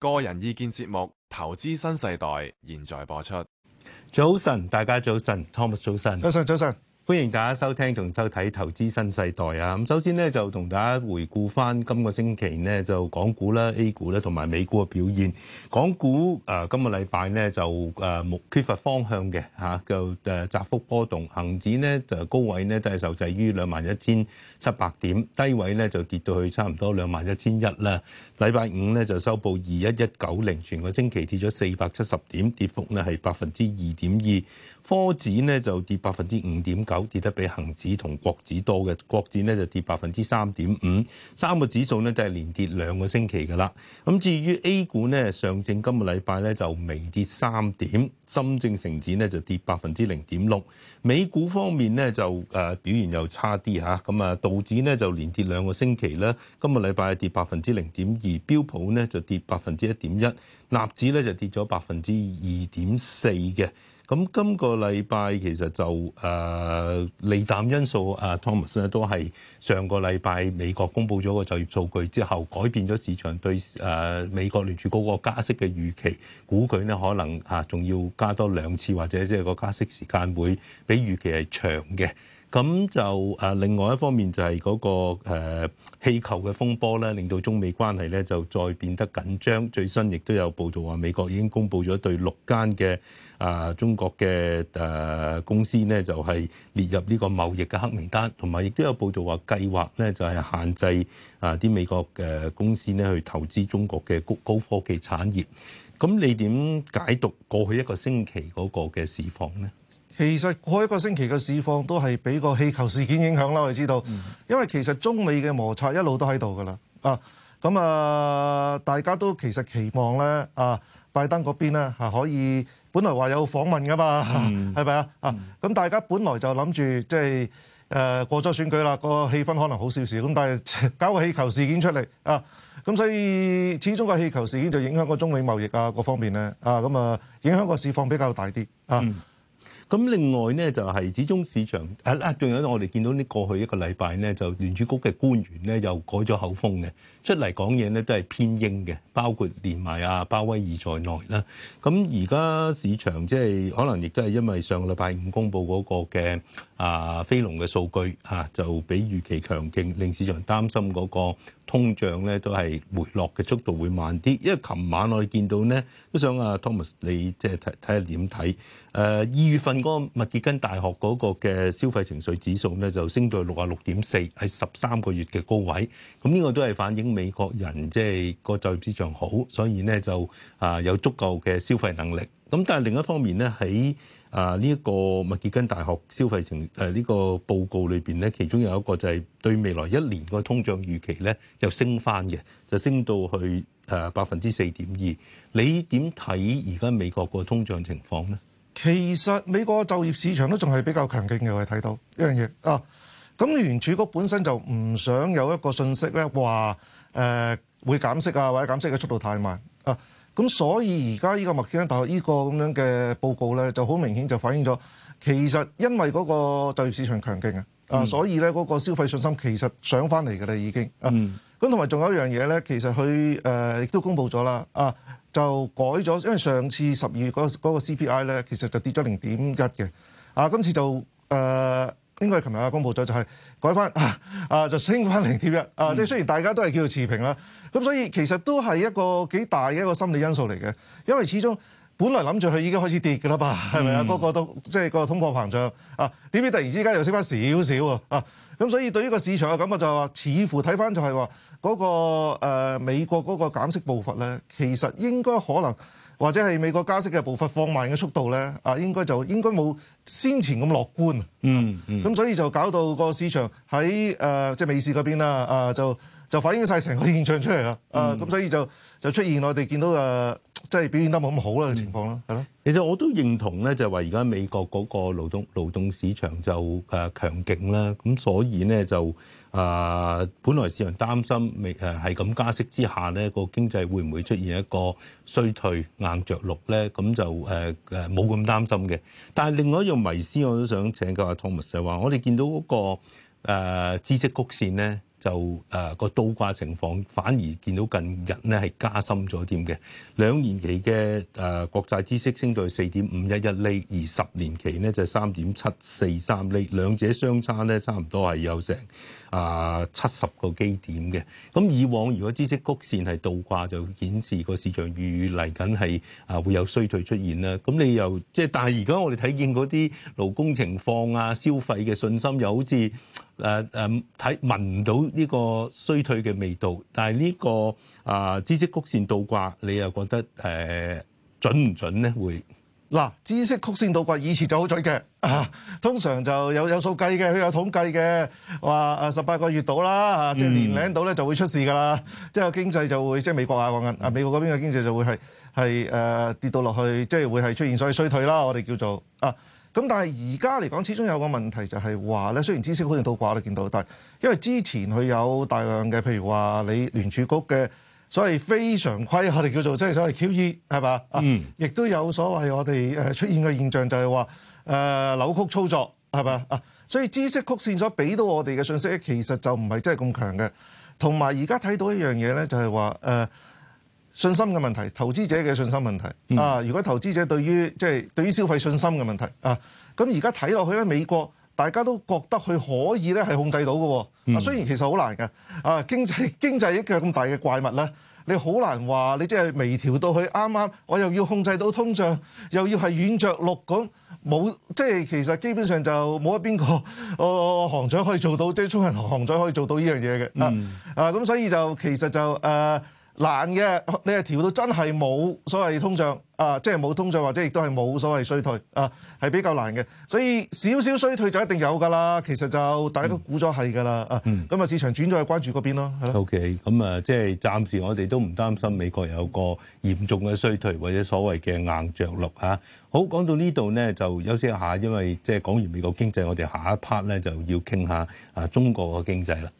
個人意見節目《投資新世代》現在播出。早晨，大家早晨，Thomas 早晨，早晨，早晨。歡迎大家收聽同收睇《投資新世代》啊！咁首先呢，就同大家回顧翻今個星期呢，就港股啦、A 股啦同埋美股嘅表現。港股誒今個禮拜呢，就誒冇缺乏方向嘅吓，就誒窄幅波動。恒指呢，就高位呢，都係受制於兩萬一千七百點，低位呢，就跌到去差唔多兩萬一千一啦。禮拜五呢，就收報二一一九零，全個星期跌咗四百七十點，跌幅呢係百分之二點二。科指呢，就跌百分之五點九。跌得比恒指同國指多嘅，國指咧就跌百分之三點五，三個指數呢，都係連跌兩個星期噶啦。咁至於 A 股呢，上證今個禮拜呢，就微跌三點，深證成指呢，就跌百分之零點六。美股方面呢，就誒表現又差啲吓，咁啊道指呢，就連跌兩個星期啦，今個禮拜跌百分之零點二，標普呢，就跌百分之一點一，納指咧就跌咗百分之二點四嘅。咁今個禮拜其實就誒、啊、利淡因素，阿、啊、Thomas 都係上個禮拜美國公布咗個就業數據之後，改變咗市場對誒、啊、美國聯儲嗰個加息嘅預期，估佢咧可能啊仲要加多兩次，或者即係個加息時間會比預期係長嘅。咁就另外一方面就係嗰、嗰個氣、啊、氣球嘅風波咧，令到中美關係咧就再變得緊張。最新亦都有報道話，美國已經公布咗對六間嘅啊中國嘅、啊、公司呢，就係、是、列入呢個貿易嘅黑名單，同埋亦都有報道話計劃咧就係、是、限制啊啲、啊、美國嘅公司咧去投資中國嘅高高科技產業。咁你點解讀過去一個星期嗰個嘅市況咧？其實過一個星期嘅市況都係俾個氣球事件影響啦。我哋知道，因為其實中美嘅摩擦一路都喺度㗎啦。啊，咁啊，大家都其實期望咧啊，拜登嗰邊咧係可以，本來話有訪問㗎嘛，係咪啊？啊，咁大家本來就諗住即係誒過咗選舉啦，個氣氛可能好少少。咁但係搞個氣球事件出嚟啊，咁所以始終個氣球事件就影響個中美貿易啊各方面咧啊，咁啊影響個市況比較大啲啊。嗯。咁另外咧就係始終市場啊啦，仲有我哋見到呢過去一個禮拜咧，就聯儲局嘅官員咧又改咗口風嘅，出嚟講嘢咧都係偏鷹嘅，包括連埋阿鮑威爾在內啦。咁而家市場即係可能亦都係因為上個禮拜五公佈嗰個嘅啊非農嘅數據啊，就比預期強勁，令市場擔心嗰個通脹咧都係回落嘅速度會慢啲。因為琴晚我哋見到咧都想阿 Thomas 你即係睇睇下點睇？誒二月份。個密歇根大學嗰個嘅消費情緒指數咧，就升到六啊六點四，係十三個月嘅高位。咁呢個都係反映美國人即係個就業市場好，所以咧就啊有足夠嘅消費能力。咁但係另一方面咧，喺啊呢一個密歇根大學消費情誒呢個報告裏邊咧，其中有一個就係對未來一年個通脹預期咧，又升翻嘅，就升到去誒百分之四點二。你點睇而家美國個通脹情況咧？其實美國就業市場都仲係比較強勁嘅，我哋睇到一樣嘢啊。咁聯儲局本身就唔想有一個訊息咧，話、呃、誒會減息啊，或者減息嘅速度太慢啊。咁所以而家呢個麥基恩大學呢個咁樣嘅報告咧，就好明顯就反映咗，其實因為嗰個就業市場強勁啊。啊，所以咧嗰個消費信心其實上翻嚟嘅啦，已經。嗯。咁同埋仲有一樣嘢咧，其實佢誒亦都公布咗啦，啊就改咗，因為上次十二月嗰個 CPI 咧，其實就跌咗零點一嘅。啊，今次就誒、呃、應該係琴日啊，公布咗就係、是、改翻啊，就升翻零點一啊，即係雖然大家都係叫做持平啦，咁所以其實都係一個幾大嘅一個心理因素嚟嘅，因為始終。本來諗住佢已經開始跌㗎喇嘛，係咪、嗯就是、啊？嗰個都即係個通貨膨脹啊？點知突然之間又升翻少少啊？啊咁，所以對於個市場嘅感覺就係話，似乎睇翻就係話嗰個、呃、美國嗰個減息步伐咧，其實應該可能或者係美國加息嘅步伐放慢嘅速度咧，啊應該就應該冇先前咁樂觀。嗯咁、嗯啊、所以就搞到個市場喺誒即係美市嗰邊啦，啊就就反映晒成個現象出嚟啦。嗯、啊咁，所以就就出現我哋見到誒。呃即係表現得冇咁好啦嘅情況啦，係咯。其實我都認同咧，就係話而家美國嗰個勞動勞動市場就誒強勁啦。咁所以咧就誒，本來市場擔心未誒係咁加息之下咧，個經濟會唔會出現一個衰退硬着陸咧？咁就誒誒冇咁擔心嘅。但係另外一樣迷思，我都想請教阿 Thomas，就係話我哋見到嗰個誒孳息曲線咧。就誒個、啊、倒掛情況反而見到近日咧係加深咗點嘅，兩年期嘅誒、啊、國債知識升到四點五一一厘，而十年期咧就三點七四三厘，兩者相差咧差唔多係有成啊七十個基點嘅。咁以往如果知識曲線係倒掛，就顯示個市場預嚟緊係啊會有衰退出現啦。咁你又即係，但係而家我哋睇見嗰啲勞工情況啊、消費嘅信心又好似。誒誒睇聞唔到呢個衰退嘅味道，但係呢、呢個啊、呃、知識曲線倒掛，你又覺得誒、呃、準唔準咧？會？嗱，知識曲線倒掛，以前就好準嘅，通常就有有數計嘅，佢有統計嘅，話誒十八個月到啦，即係年零到咧就會出事噶啦，即係，嗯，經濟就會即係美國啊講緊啊美國嗰邊嘅經濟就會係係，呃，跌到落去，即係會係出現所以衰退啦，我哋叫做啊。咁但係而家嚟講，始終有個問題就係話咧，雖然知識好似倒掛都見到，但係因為之前佢有大量嘅，譬如話你聯儲局嘅。所謂非常規，我哋叫做即係所謂 QE 係嘛，亦、嗯、都有所謂我哋誒出現嘅現象就是說，就係話誒扭曲操作係嘛啊。所以知識曲線所俾到我哋嘅信息其實就唔係真係咁強嘅。同埋而家睇到一樣嘢呢，就係話誒信心嘅問題，投資者嘅信心問題啊、嗯。如果投資者對於即係、就是、對於消費信心嘅問題啊，咁而家睇落去咧，美國。大家都覺得佢可以咧，係控制到嘅。雖然其實好難嘅。啊，經濟經濟一個咁大嘅怪物咧，你好難話你即係微調到佢啱啱，我又要控制到通脹，又要係軟着陸咁，冇即係其實基本上就冇邊個，誒、呃，行長可以做到，即係中央行行長可以做到呢樣嘢嘅。啊啊，咁所以就其實就誒。呃難嘅，你係調到真係冇所謂通脹啊，即係冇通脹或者亦都係冇所謂衰退啊，係比較難嘅。所以少少衰退就一定有㗎啦。其實就大家都估咗係㗎啦啊。咁啊，市場轉咗去關注嗰邊咯。係咪？OK，咁啊，即係暫時我哋都唔擔心美國有個嚴重嘅衰退或者所謂嘅硬着陸啊。好，講到呢度呢，就休息一下，因為即係講完美國經濟，我哋下一 part 咧就要傾下啊中國嘅經濟啦。